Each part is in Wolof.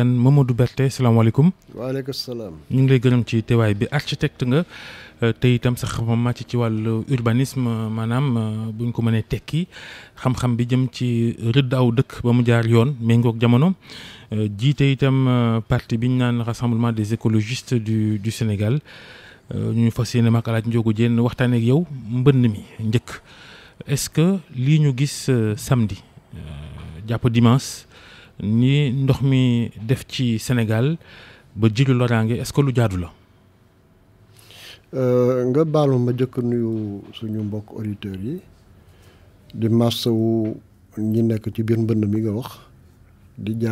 kan Mamadou Berté salaamaaleykum. waaleykum salaam. ñu ngi lay gërëm ci teewaay bi architecte nga euh, te itam sax xam màcc ci wàllu urbanisme maanaam euh, bu ñu ko mënee tekki xam-xam bi jëm ci rëdd aw dëkk ba mu jaar yoon méngoog jamono euh, jiite itam parti bi ñu rassemblement des écologistes du du Sénégal ñu fas yéene mag alaaj Ndiogou Diène waxtaan yow mbënn mi njëkk est-ce que lii ñu gis samedi jàpp dimanche ni ndox mi def Sénégal ba jiri est-ce que lu jaadu la euh, nga baalu ma jëkk nuyu suñu mbokk auditeurs yi di marsawu ñi nekk ci biir mi nga wax di des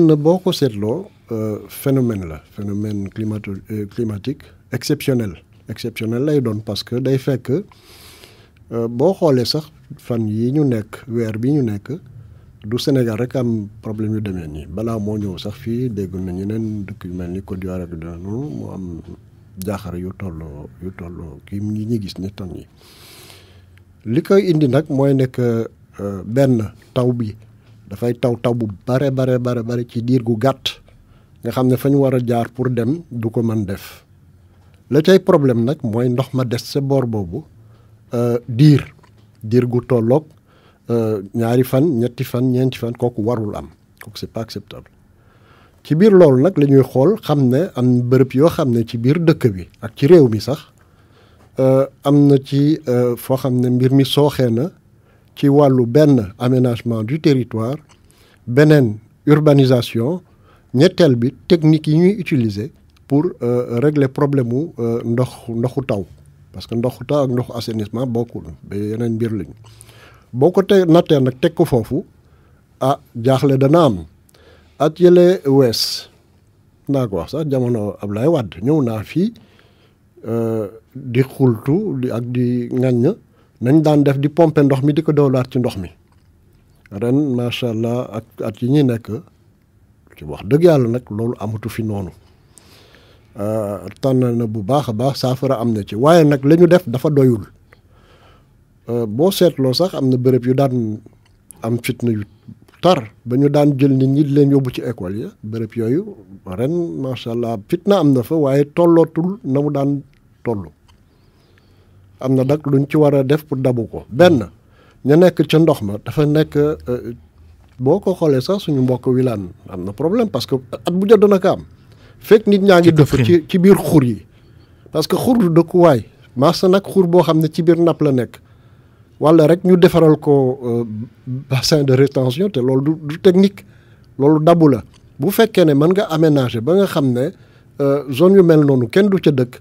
na ci phénomène phénomène climatique exceptionnel exceptionnel lay doon parce que day fekk euh, boo xoolee sax fan yi ñu nekk weer bi ñu nekk du Sénégal rek am problème yu demee nii balaa moo ñëw sax fii dégg nañu neen dëkk yu mel ni Côte d'Ivoire bi dina noonu mu am yu tolloo yu tolloo kii ñi ñi gis ni tan yi li koy indi nag mooy nekk euh, benn taw bi dafay taw taw bu bare bare bare bare ci diir gu gàtt nga xam ne fa ñu war a jaar pour dem du ko mën def la cay problème nag mooy ndox ma des sa boor boobu euh, diir diir gu euh, ñaari fan ñetti fan c'est pas acceptable ci biir loolu nag la ñuy xool ne am bërëb yoo xam ne ci bi ak ci sax aménagement du territoire urbanisation ñetteel bi technique yi ñuy pour euh, régler problème mu euh, ndox ndoxu taw parce que ndoxu taw ak ndoxu assainissement bokkul ba yeneen mbir lañu boo ko te nattee nag teg ko foofu ah jaaxle dana am at yële wees naa ko wax sax jamono Ablaye Wade ñëw naa fii euh, di xultu di ak di ŋàññ nañ daan def di pompe ndox mi di ko doolaat ci ndox mi ren macha allah ak at yi ñuy nekk ci wax dëgg yàlla nag loolu amatu fi noonu Euh, tànn na bu baax a baax saafara am na ci waaye nag lañu def dafa doyul euh, boo seetloo sax am na bërëb yu daan am fitna yu tar ba ñu daan jël nit ñi leen yóbbu ci école ya bërëb yooyu ren macha allah fitna am na fa waaye tollootul na mu daan toll. am na nag luñ ci war a def pour dabu ko benn ñu nekk ca ndox ma dafa nekk euh, boo ko xoolee sax suñu mbokk wilaan am na problème parce que at bu jot na ko am. fekk nit ñaa ngi dëpp ci ci biir xur yi parce que xur du dëkkuwaay marché nag xur boo xam ne ci biir napp la nekk wala rek ñu defaral ko euh, bassin de rétention te loolu du technique loolu dabu la bu fekkee ne mën nga aménager ba nga xam ne euh, zone yu mel noonu kenn du ca dëkk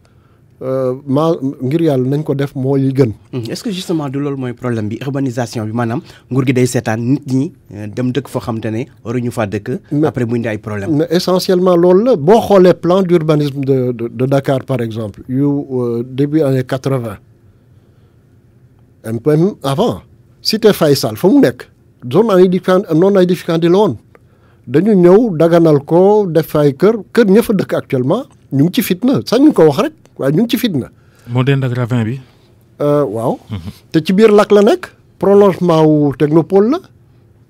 euh, ma ngir yàlla nañ ko def moo yi gën. Hum, est-ce que justement du loolu mooy problème bi urbanisation bi maanaam nguur gi day seetaan nit ñi euh, dem dëkk foo xam te ne waruñu faa dëkk. après mu indi ay problème mais essentiellement loolu la boo xoolee plan d'urbanisme de de Dakar par exemple yu euh, début année quatre un peu avant cité Faye Sall fa mu nekk zone non aedificandi non aedificandi de woon dañu ñëw daganal ko def fay kër kër ña fa dëkk actuellement ñu ngi ci fitna sax ñu ko wax rek waaye ñu ngi ci fitna. moo dend ak ravin bi. Euh, waaw. Mhm. te ci biir lac la nekk. prolongement wu technopole la.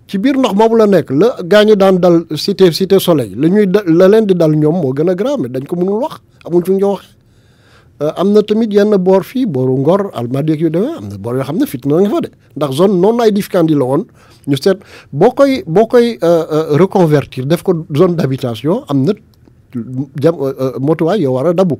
ci biir ndox moomu la nekk la gaañu daan dal cité cité soleil la ñuy la leen di dal ñoom moo gën a grave dañ ko mënul wax amuñ fu ñu wax euh, am na tamit yenn boor fii booru Ngor Almadies yu demee am na boor yoo xam ne fitna nga fa de ndax zone non aedificandi yi la woon ñu seet boo koy boo koy euh, reconvertir def ko zone d'habitation am na jam motuwaay yoo war a dabu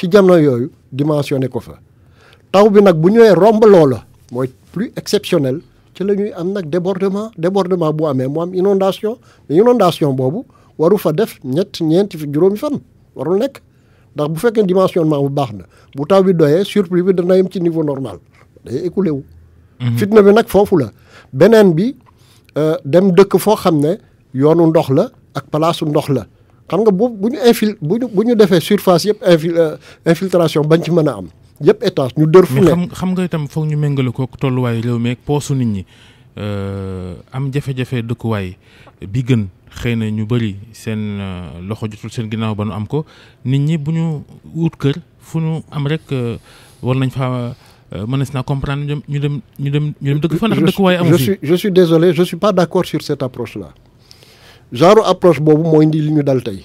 ci jamono yooyu dimensionné ko fa taw bi nag bu ñëwee romb loola mooy plus exceptionnel ci la ñuy am nag débordement débordement bu amee mu am inondation mais inondation boobu waru fa def ñett ñeenti fi juróomi fan waru nekk ndax bu fekkee dimensionnement bu baax na bu taw bi doyee surplus bi dana yem ci niveau normal day écoulé wu. Mhm. fitna bi nag foofu la beneen bi euh, dem dëkk foo xam ne yoonu ndox la ak palaasu ndox la xam nga bu bu ñu infil bu ñu bu ñu defee surface yëpp infil euh, infiltration bañ ci mën a am yëpp étage ñu dër fu ne xam nga itam foog ñu méngale ko tolluwaayu réew mi ak poosu nit ñi euh, am jafe-jafe dëkkuwaay bi gën xëy na ñu bëri seen euh, loxo jotul seen ginnaaw ba nu am ko nit ñi bu ñu wut kër fu ñu am rek war nañ fa mënees naa comprendre ñu dem ñu dem ñu dem dëkk fa ndax dëkkuwaay amu fi je suis je suis désolé je suis pas d'accord sur cette approche là genre approche bobu moy indi li ñu dal tay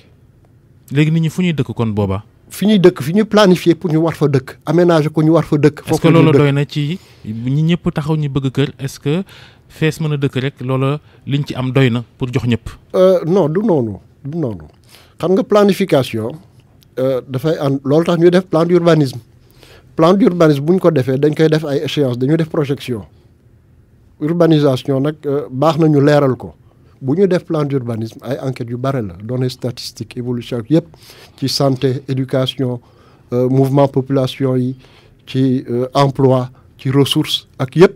légui nit ñi fu ñuy dëkk kon boba fi ñuy dëkk fi planifier pour ñu war fa dëkk aménager ko ñu war fa dëkk. est-ce que loolu doy ci ñi ñëpp taxaw est-ce que dëkk rek pour jox ñëpp. Euh, non du nonu du nonu xam nga planification euh, nous avons loolu plan d'urbanisme plan d'urbanisme buñ ko defee dañ koy def ay échéances projection urbanisation nag euh, baax na bu ñu def plan d'urbanisme ay enquête yu bare la données statistiques évolution yépp ci santé éducation euh, mouvement population yi ci euh, emploi ci ressources ak yépp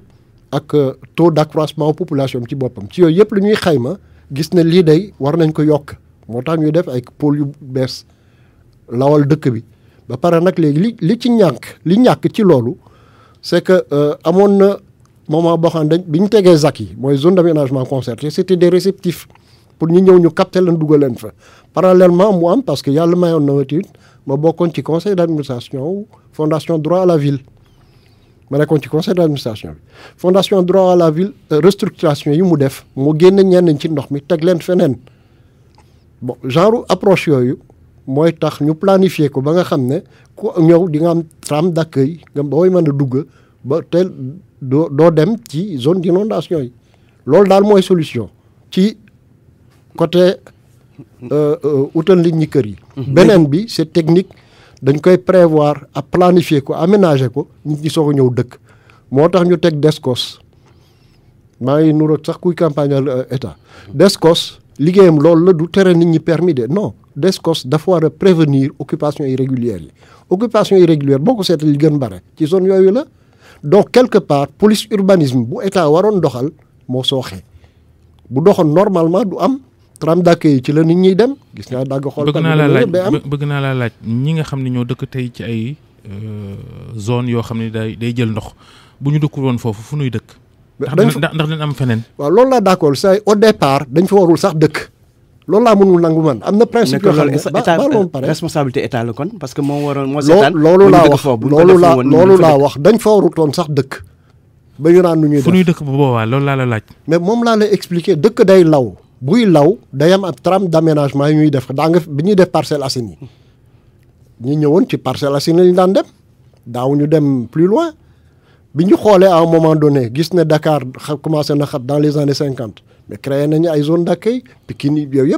ak euh, taux d'accroissement population ci boppam ci yooyu yëpp lu ñuy xayma gis ne lii day war nañ ko yokk moo tax ñuy def ay pôle yu bees lawal dëkk bi ba pare nag léegi li li ci ñànk li ñàkk ci loolu c'est que amoon na moment boo xam ne dañ bi ZAC yi mooy zone d' concerté des réceptifs pour ñu ñëw ñu capté leen dugal leen fa. parallèlement mu am parce que yàlla mayoon na it ma ci conseil d'administration fondation droit à la ville ma nekkoon ci conseil d'administration. fondation droit à la ville euh, restructuration yi mu def mu génne ñenn ci ndox mi teg bon genre approche moi mooy tax ñu planifier ko ba nga xam ne ku ñëw di nga am trame d'accueil nga booy mën a ba do doo dem ci zone d'inondation yi loolu daal solution ci côté euh, euh, utal nit ñi kër yi mhm. benen bi c'est technique dañ koy prévoir à planifier ko aménager ko nit ñi soog a ñëw dëkk moo tax ñu tek DESCOS ma ngi nuroog sax kuy campagne euh, état DESCOS liggéeyam loolu la du tere nit ñi permis de non DESCOS dafa war prévenir occupation irrégulière occupation irrégulière boko c'est seetee li gën bare ci zone yoyu la donc quelque part police urbanisme bu état waroon doxal moo sooxee bu doxoon normalement du am tram d'accueil yi ci la nit ñiy dem gis naa dagg xool. bëgg naa la laaj bëgg naa la laaj ñi nga xam ne ñoo dëkk tey ci ay euh, zone yoo xam ne day day jël ndox bu ñu dëkkul woon foofu fu nuy dëkk. ndax dañ am feneen. waaw loolu laa d'accord say au départ dañ fa warul sax dëkk. loolu laa mënul nangu man am na principe yoo xam ne ba loolu pare la kon parce que moo waroon moo seetaan loolu laa wax loolu laa loolu laa wax dañ fa warutoon sax dëkk ba ñu naan nu ñuy def fu ñuy dëkk bu boobaa loolu laa la laaj mais moom laa lay expliquer dëkk day law buy law day am ab trame d'aménagement yi ñuy def daa nga bi ñuy def Parcelles Assainies yi ñu ñëwoon ci Parcelles Assainies yi ñu daan dem daaw ñu dem plus loin bi ñu xoolee à moment donné gis ne Dakar commencé na xat dans les années cinquante mais créé des ay d'accueil c'est-à-dire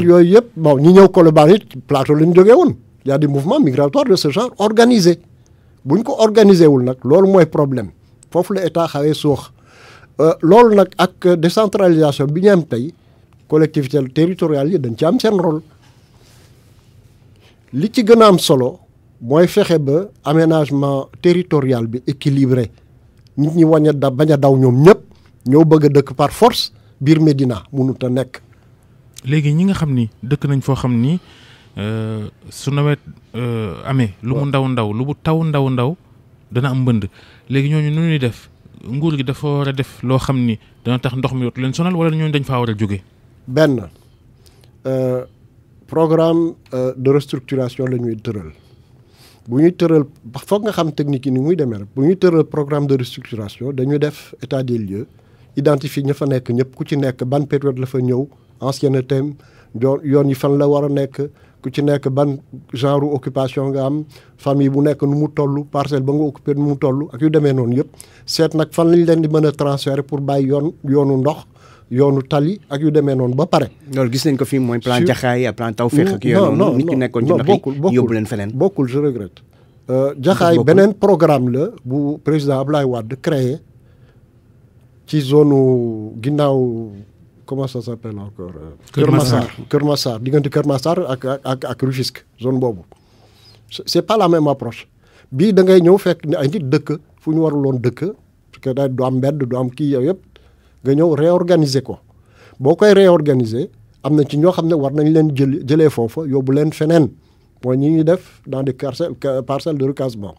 qu'ils y a des mouvements migratoires de ce genre organisés ko organisé wul nak problème que l'État état sûr, euh lool décentralisation bi collectivité territoriale dañ ci rôle li ci am solo aménagement territorial équilibré. nit ñi wañ da bañ a daw ñoom ñëpp ñoo bëgg a dëkk par force biir Médina mënut a nekk. léegi ñi nga xam ni dëkk nañ foo xam ni euh, su nawet euh, amee. lu mu ndaw ndaw lu mu taw ndaw ndaw dana am mbënd léegi ñooñu nu ñuy def nguur gi dafa war a def loo xam ni dana tax ndox mi yootu leen sonal wala ñooñu dañ faa war a jóge. benn euh, programme de restructuration la ñuy tëral. bu ñuy tëral foog nga xam technique yi ni muy demee rek bu ñuy tëral programme de restructuration dañu def état des lieux identifier ña fa nekk ñëpp ku ci nekk ban période la fa ñëw ancienneté am yoon yi fan la war a nekk ku ci nekk ban genre occupation nga am famille bu nekk nu mu toll parcelle ba nga occupé nu mu toll ak yu demee noonu yëpp seet nag fan lañ leen di mën a transférer pour bàyyi yoon yoonu ndox yoonu tali ak yu demee noonu ba pare. loolu gis nañ ko fii mooy plan jaxaay ak plan tawféex ak yooyu noonu nit ki nekkoon ci ndox yi yóbbu leen feneen bokkul je regrette. Euh, jaxaay beneen programme la bu président Ablaye Wade créé ci zone ginnaaw comment ça s'appelle encore. Euh, Kër Massar Kër Massar diggante Kër Massar ak ak ak Rufisque zone boobu. c'est pas la même approche bii da ngay ñëw fekk ne ay nit dëkk fu ñu waruloon dëkk parce que day du am mbedd du am kii yooyu yëpp. nga ñëw réorganiser ko boo koy réorganiser am na ci ñoo xam ne war nañ leen jël jëlee foofa yóbbu leen feneen mooy ñi ñuy def dans des parcelles de recasement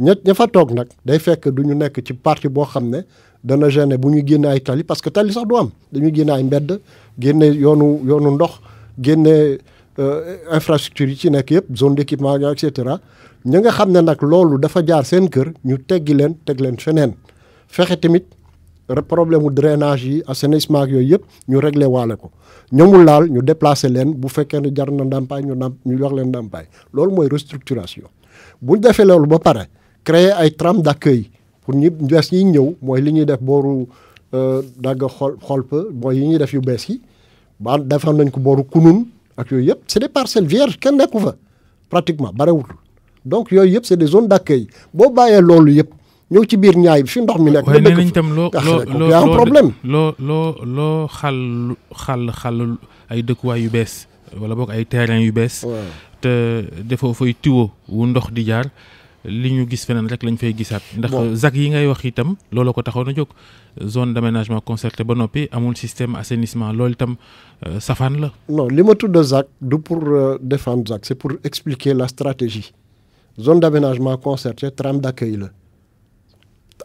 ñett ña fa toog nag day fekk duñu ñu nekk ci parti boo xam ne dana gêner bu ñu génne ay tali parce que tali sax du am dañuy génne ay mbedd génne yoonu yoonu ndox génne euh, infrastructure yi ci nekk yépp zone d'équipement et cetera ñi nga xam ne nag loolu dafa jaar seen kër ñu teggi leen teg leen feneen fexe tamit problème de drainage yi assainissement ak yooyu yëpp ñu régler walé ko ñamul laal ñu déplacer leen bu fekké ne jar na ndàmpaay ñu ñu wax leen ndampay lool moy restructuration bu ñu defee loolu ba paré créer ay trame d'accueil pour ñu bees yi ñëw moy li ñuy def euh dagg xol xolpa mooy yi ñuy def yu bees yi ba defal nañ ko boru kunun ak yooyu yëpp c'est des parcelles vierges ken nekku fa pratiquement barewutul donc yooyu yëpp c'est des zones d'accueil bo bayé loolu yep ñëw ci biir ñaay bi fi ndox mi nekk. waaye nee tam problème. Lo, lo, lo, xal xal xal ay way yu bess wala bok ay terrain yu bess te defo fay tiwo wu ndox di jaar. li ñu gis feneen rek lañ fay gisaat. ndax ZAC yi ngay wax itam looloo ko taxaw na jóg zone d' aménagement concerté ba noppi amul système assainissement loolu tam euh, safaan la. non li ma tudd Zak, du pour euh, défendre Zak. C'est pour expliquer la stratégie zone d' aménagement concerté trame d' accueil la.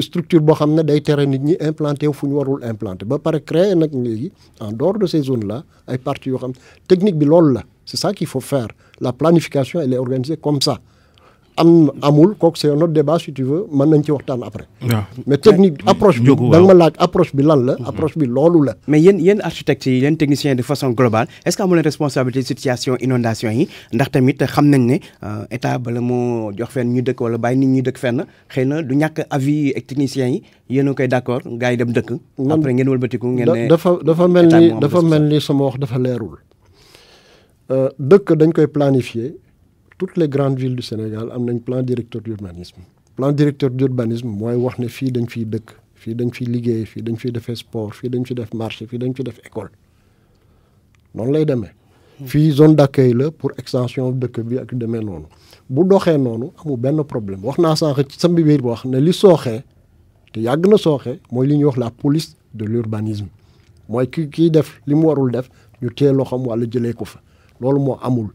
structure boo xam ne day tere nit ñi implanté fu ñu warul implanté ba pare créer nag léegi en dehors de ces zones là ay parties technique bi loolu la c'est ça qu'il faut faire la planification est organisée comme ça am amul kooku c'est un autre débat si tu veux mën nañ ci waxtaan après. mais technique approche bi da nga ma laaj approche bi lan la. Mhm. approche bi loolu la. mais yéen yéen architectes yi yéen techniciens de façon globale est-ce que amu responsabilité situation inondation yi ndax tamit xam nañ ne euh, état bala moo jox fenn ñu dëkk wala bàyyi nit ñi dëkk fenn xëy na du ñàkk avis ak techniciens yi yéen a koy d'accord gars yi dem dëkk. après ngeen wëlbatiku ngeen ne. dafa dafa mel ni dafa mel ni sama wax dafa leerul. Euh, dëkk dañ koy planifier toutes les grandes villes du Sénégal am nañ plan directeur d'urbanisme plan directeur d'urbanisme mooy wax ne fii dañ fi dëkk fi dañ fi liggéey fi dañ fi defee sport fi dañ fiy def marché fi dañ fiy def école noonu lay demee fii zone d'accueil la pour extension dëkk bi ak demee noonu bu doxee noonu amul benn problème wax naa sànq ci sambi biir wax ne li sooxee te yàgg na sooxee mooy li ñuy wax la police de l'urbanisme mooy ki kiy def li mu warul def ñu tee xam wala jëlee ko fa loolu moo amul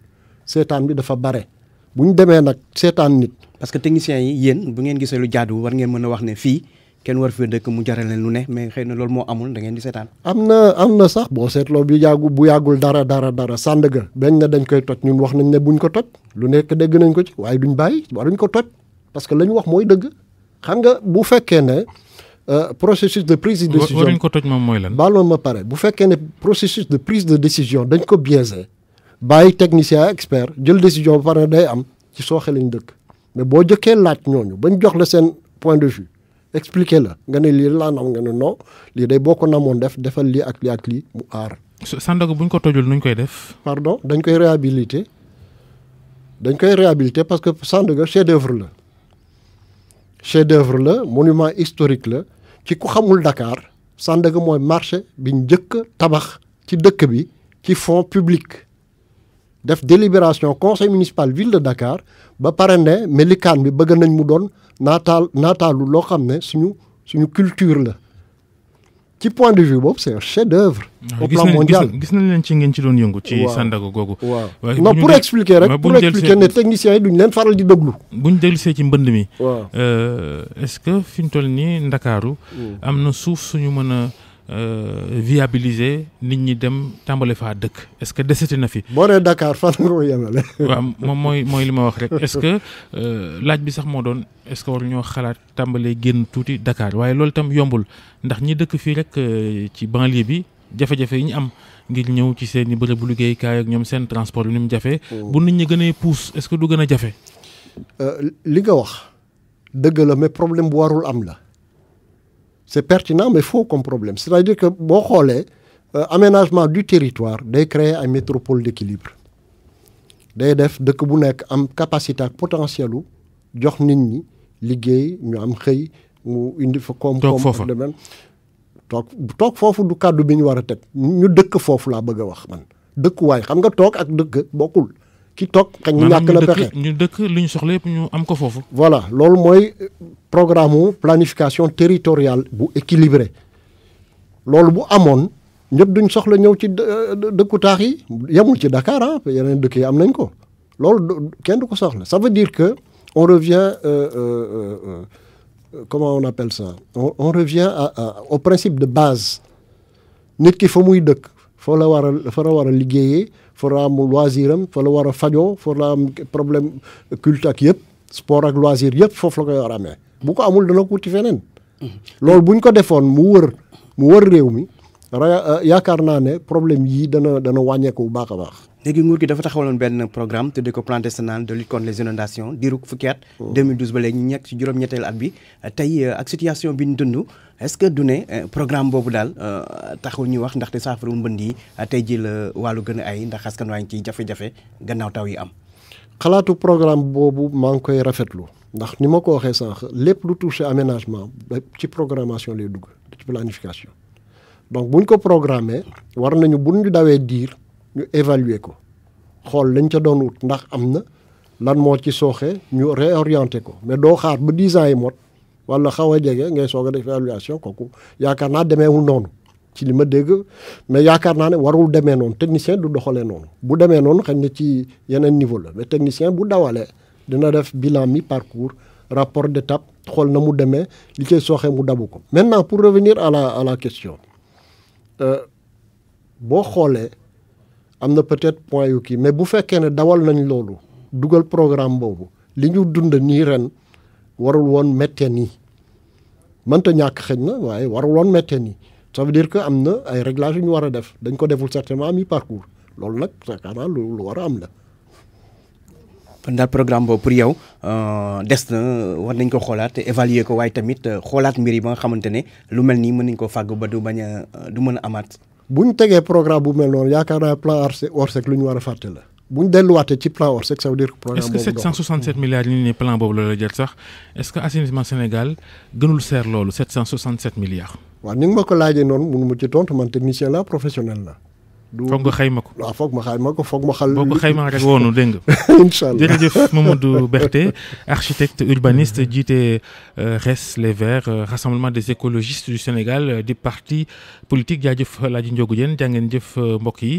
setan bi dafa bare buñ démé nak setan nit. parce que technicien yi yeen bu ngeen gisee lu jaadu war ngeen mëna wax né fi kenn war fi dëkk mu jaral leen lu né mais xeyna lool mo amul da ngeen di setan amna amna sax bo sax boo bi jaagu bu yagul dara dara dara Sandaga bañ na dañ koy toj ñun wax nañ né buñ ko toj lu nekk dégg nañ ko ci waye duñ bàyyi waruñ ko toj parce que lañ wax moy dëgg xam nga bu fekkee né Euh, processus de prise de décision waruñ ko toj moom mooy lan ma pare bu fekkee ne processus de prise de décision dañ ko biaisé bàyyi technicien expert jël décision par pare day am ci sooxe lañ dëkk mais boo jëkkee laaj ñooñu bañ jox la seen point de vue expliquer la nga ne lii laa nam nga ne non lii day boo ko namoon def defal lii ak lii ak lii mu aar. sandog buñ ko tojul nuñ koy def. pardon dañ koy réhabiliter dañ koy réhabiliter parce que sandog chef d'œuvre la chef d'œuvre la monument historique la ci ku xamul Dakar sandog mooy marché bi njëkk tabax ci dëkk bi ci fonds public def délibération conseil municipal ville de Dakar ba pare melikan bi bëgg nañ mu doon natal naataalu lo xamné suñu suñu culture la ci point de vue bob c'est un chef-d'œuvre ah, au plan mondial gis nañ leen ci ngeen ci doon yëngu. ci sandago googu. non pour expliquer rek pour expliquer né techniciens yi duñ leen faral di déglu. buñ dellusee ci mbënd mi. euh est-ce que fiñ ñu toll nii Ndakaaru. Hmm. am suuf suñu mëna Euh, viabiliser nit ñi dem tàmbale faa dëkk est-ce que desati na fi. boo nee Dakar fan nga ko yemale. waaw moom mooy wax rek est-ce que euh, laaj bi sax moo doon est-ce xalaat tàmbalee génn tuuti Dakar waaye loolu yombul ndax ñi dëkk fii rek euh, ci banlieue bi jafe yi ñu am ngir ñëw ci seen i bërëbu liggéeykaay ñoom seen transport bi ni mu jafe. Hmm. bu nit ñi gënee pousse est-ce que du gën a jafe. li nga wax dëgg la mais problème bu warul am la. c'est pertinent mais faux comme problème c'est-à-dire que boo xoolee euh, aménagement du territoire day créer métropole d'équilibre day def de bu nekk am capacité ak potentiel u jox nit ñi liggéey ñu am xëy mu indi fa koom de même toog du cadre bi ñu war a ñu dëkk fofu la bëgg wax man way xam nga tok ak dëkk bokul ki toog xëy na ñàkk na pexe ñu dëkk li ñu soxla ñu am ko fofu voilà lool moy euh, programme planification territoriale bu équilibré lool bu amone ñepp duñ soxla ñew ci dëkku tax yi yamul ci Dakar hein yeneen dëkk yi am nañ ko lool kenn du ko soxla ça veut dire que on revient euh, euh, euh, euh comment on appelle ça on on revient à, au principe de base nit ki fa muy dëkk. foo la war a fa la war a liggéeyee fa la am loisir am fa la war a fajoo fa la problème culte ak yëpp sport ak loisir yëpp foofu la koy war amee bu ko amul dana ko wuti feneen. Mhm. loolu bu ko defoon mu wër mu wër réew mi Euh, yaakaar naa ne problème yii dana dana wàññeeku bu baax a baax. léegi nguur gi dafa taxawaloon benn programme tuddee ko plan décennal de lutte contre les inondations diiru fukki at. 2012 ba léegi ñu nekk ci juróom-ñetteelu at bi tey euh, ak situation bi ñu dund est-ce que du ne euh, programme boobu daal taxul ñu wax ndaxte saafara mbënd yi tey ji la wàllu gën a ay ndax askan waa ci ciy jafe-jafe gannaaw taw yi am. xalaatu programme boobu maa ngi koy rafetlu ndax ni ma ko waxee sànq lépp lu touché aménagement ci programmation lay dugg ci planification donc buñ ko programmer war nañu buñ ñu dawee diir ñu évaluer ko xool lañ ca doon ndax lan réorienter ko mais doo xaar ba ans yi mot wala a ngay def évaluation ci li dégg mais ne warul technicien du bu ci niveau mais technicien bu dawalee dina def bilan mi parcours rapport d'étape xool na mu li mu ko maintenant pour revenir à la question boo xoolee am na peut-être point yu kii mais bu fekkee ne dawal nañ loolu dugal programme boobu li ñu dund nii ren warul woon méttee nii mënta ñàkk xëñ na waaye warul woon méttee nii ça veut dire que am na ay réglages yu ñu war a def dañ ko deful certainement mi parcours loolu nag c' est lu lu war a am la pendant le programme pour yow euh, des na war nañ ko xoolaat évaluer ko way tamit euh, xoolaat mbir yi ba nga xamante lu melni meun mën nañ koo fàgg ba du baña euh, du meuna a buñ bu programme bu mel non yaakaar plan Orsec lu ñu wara faté la. buñ ñu waté ci plan Orsec ça veut dire que programme est ce que 767 milliards yi ñu plan bobu la jël sax est ce que assainissement Sénégal gënul ser lolu 767 milliards. wa ni nga ma ko laajee noonu mënu ci tontu man technicien la professionnel la du foog nga xayma ko waaw foog ma xayma ko foog ma xal. boo ko xaymaa rek woonu dégg nga. incha jërëjëf Mamadou Berthe architecte urbaniste jiite euh, RES Les Verts euh, rassemblement des écologistes du Sénégal euh, di parti politique jaajëf Laaji Ndiogou Diène jaa ngeen jëf mbokk yi.